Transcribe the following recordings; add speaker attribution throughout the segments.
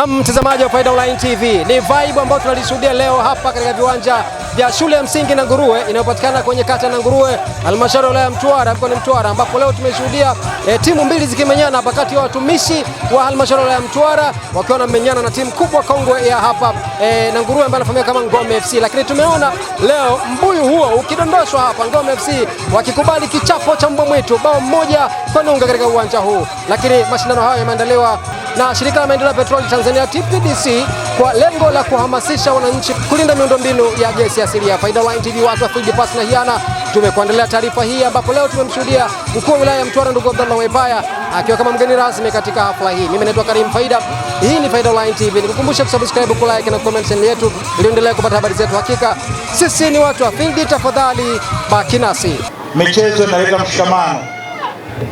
Speaker 1: na mtazamaji wa Faida Online TV. Ni vibe ambayo tunalishuhudia leo hapa katika viwanja vya shule ya msingi Nanguruwe inayopatikana kwenye kata ya Nanguruwe, halmashauri ya wilaya ya Mtwara, mkoani Mtwara, ambapo leo tumeshuhudia e, timu mbili zikimenyana hapa kati ya watumishi wa halmashauri ya wilaya ya Mtwara wakiwa wanamenyana na timu kubwa kongwe ya hapa e, Nanguruwe ambayo inafahamika kama Ngome FC. Lakini tumeona leo mbuyu huo ukidondoshwa hapa, Ngome FC wakikubali kichapo cha mbwa mwitu bao mmoja kwa nunga katika uwanja huu, lakini mashindano hayo yameandaliwa na shirika la maendeleo ya petroli Tanzania TPDC kwa lengo la kuhamasisha wananchi kulinda miundombinu ya gesi asilia. Faida Online TV, watu wa field pass na hiana, tumekuandalia taarifa hii ambapo leo tumemshuhudia mkuu wa wilaya ya Mtwara ndugu Abdallah Webaya akiwa kama mgeni rasmi katika hafla hii. Mimi naitwa Karim Faida, hii ni Faida Online TV. Nikukumbusha kusubscribe, like na comment channel yetu ili uendelee kupata habari zetu. Hakika sisi ni watu wa field, tafadhali baki nasi.
Speaker 2: Michezo inaleta mshikamano,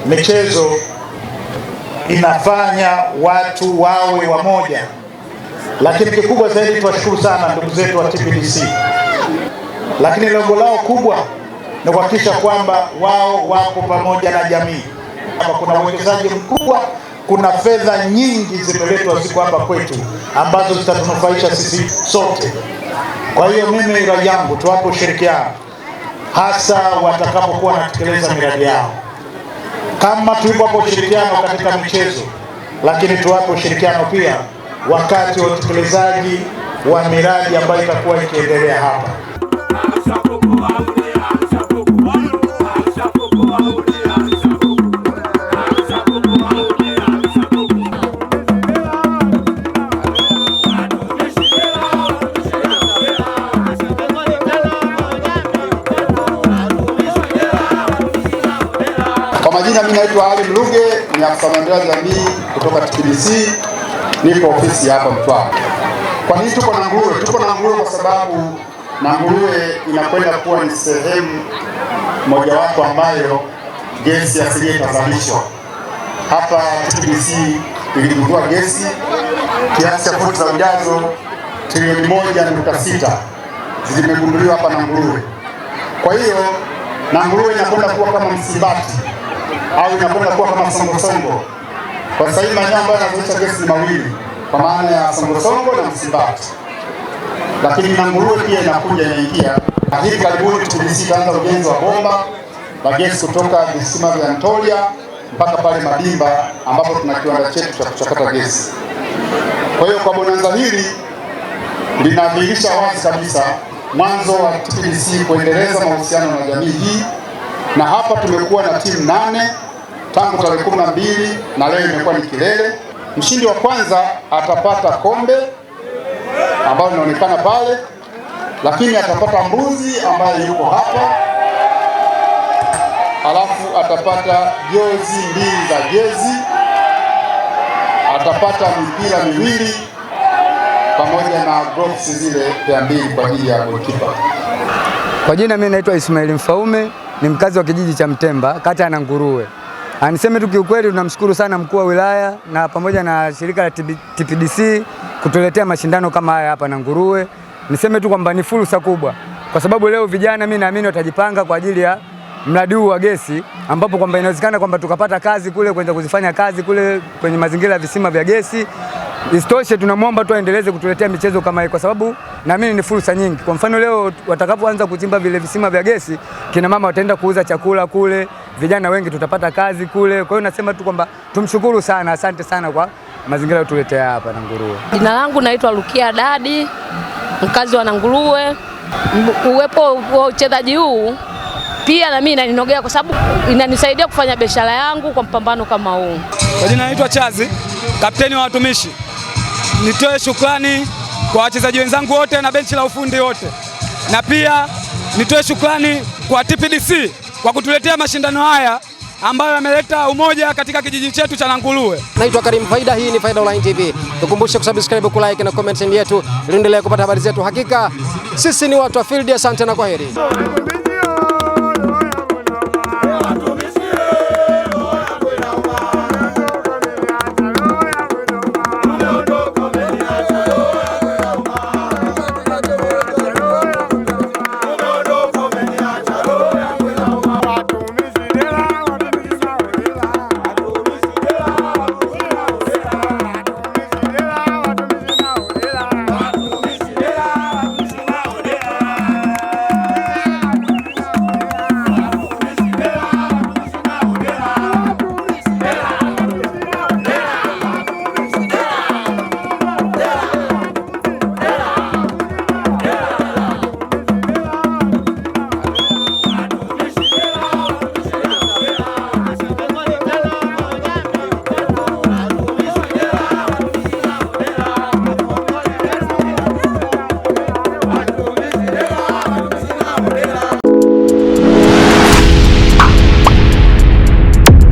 Speaker 2: michezo inafanya watu wawe wamoja. Lakini kikubwa zaidi, tuwashukuru sana ndugu zetu wa TPDC, lakini lengo lao kubwa ni kuhakikisha kwamba wao wako pamoja na jamii. Kuna uwekezaji mkubwa, kuna fedha nyingi zimeletwa siku hapa kwetu ambazo zitatunufaisha sisi sote. Kwa hiyo mimi rai yangu tuwape ushirikiano, hasa watakapokuwa wanatekeleza miradi yao kama tuwapo ushirikiano katika michezo, lakini tuwapo ushirikiano pia wakati wa utekelezaji wa miradi ambayo itakuwa ikiendelea hapa majina, mimi naitwa Ali Mluge, ni afisa maendeleo ya jamii kutoka TBC, niko ofisi hapa Mtwara. Kwa nini tuko na nguruwe? Tuko na nguruwe kwa sababu na nguruwe inakwenda kuwa ni sehemu mojawapo ambayo gesi asilia itazalishwa hapa. TBC iligundua gesi kiasi cha futi za ujazo trilioni moja nukta sita zimegunduliwa hapa na nguruwe. Kwa hiyo na nguruwe inakwenda kuwa kama msibati au inakwenda kuwa kama songosongo. Kwa sasa hivi maeneo ambayo yanazalisha gesi ni mawili, kwa maana ya songosongo na Msimbati, lakini na Nguruwe pia inakuja inaingia, na hivi karibuni TBC itaanza ujenzi wa bomba la gesi kutoka visima vya Ntolia mpaka pale madimba ambapo tuna kiwanda chetu cha kuchakata gesi. Kwa hiyo kwa bonanza hili linadhihirisha wazi kabisa mwanzo wa TBC kuendeleza mahusiano na jamii hii na hapa tumekuwa na timu nane tangu tarehe kumi na mbili na leo imekuwa ni kilele. Mshindi wa kwanza atapata kombe ambayo inaonekana pale, lakini atapata mbuzi ambaye yuko hapa, alafu atapata jozi mbili za jezi, atapata mipira miwili pamoja na gloves zile pia mbili kwa ajili ya goalkeeper.
Speaker 1: Kwa jina mimi naitwa Ismail Mfaume ni mkazi wa kijiji cha Mtemba, kata ya Nanguruwe. Aniseme tu kiukweli, tunamshukuru sana mkuu wa wilaya na pamoja na shirika la TPDC kutuletea mashindano kama haya hapa Nanguruwe. Niseme tu kwamba ni fursa kubwa, kwa sababu leo vijana, mimi naamini watajipanga kwa ajili ya mradi huu wa gesi, ambapo kwamba inawezekana kwamba tukapata kazi kule, kwenda kuzifanya kazi kule kwenye mazingira ya visima vya gesi. Isitoshe, tunamwomba tu aendeleze kutuletea michezo kama hii kwa sababu naamini ni fursa nyingi. Kwa mfano leo watakapoanza kuchimba vile visima vya gesi, kina mama wataenda kuuza chakula kule, vijana wengi tutapata kazi kule. Kwa hiyo nasema tu kwamba tumshukuru sana, asante sana kwa mazingira yotuletea hapa Nanguruwe.
Speaker 3: Jina langu naitwa Rukia Dadi, mkazi wa Nanguruwe. Uwepo wa uchezaji huu pia na mimi inaninogea kwa sababu inanisaidia kufanya biashara yangu kwa mpambano kama huu.
Speaker 4: Kwa jina naitwa Chazi, kapteni wa watumishi. Nitoe shukrani kwa wachezaji wenzangu wote na benchi la ufundi wote, na pia nitoe shukrani kwa TPDC kwa kutuletea mashindano haya ambayo yameleta umoja katika kijiji chetu cha Nanguruwe.
Speaker 1: Naitwa Karim Faida, hii ni Faida Online TV. Tukumbushe kusubscribe, kulike na comment yetu ili kupata habari zetu. Hakika sisi ni watu wa field. Asante na kwaheri.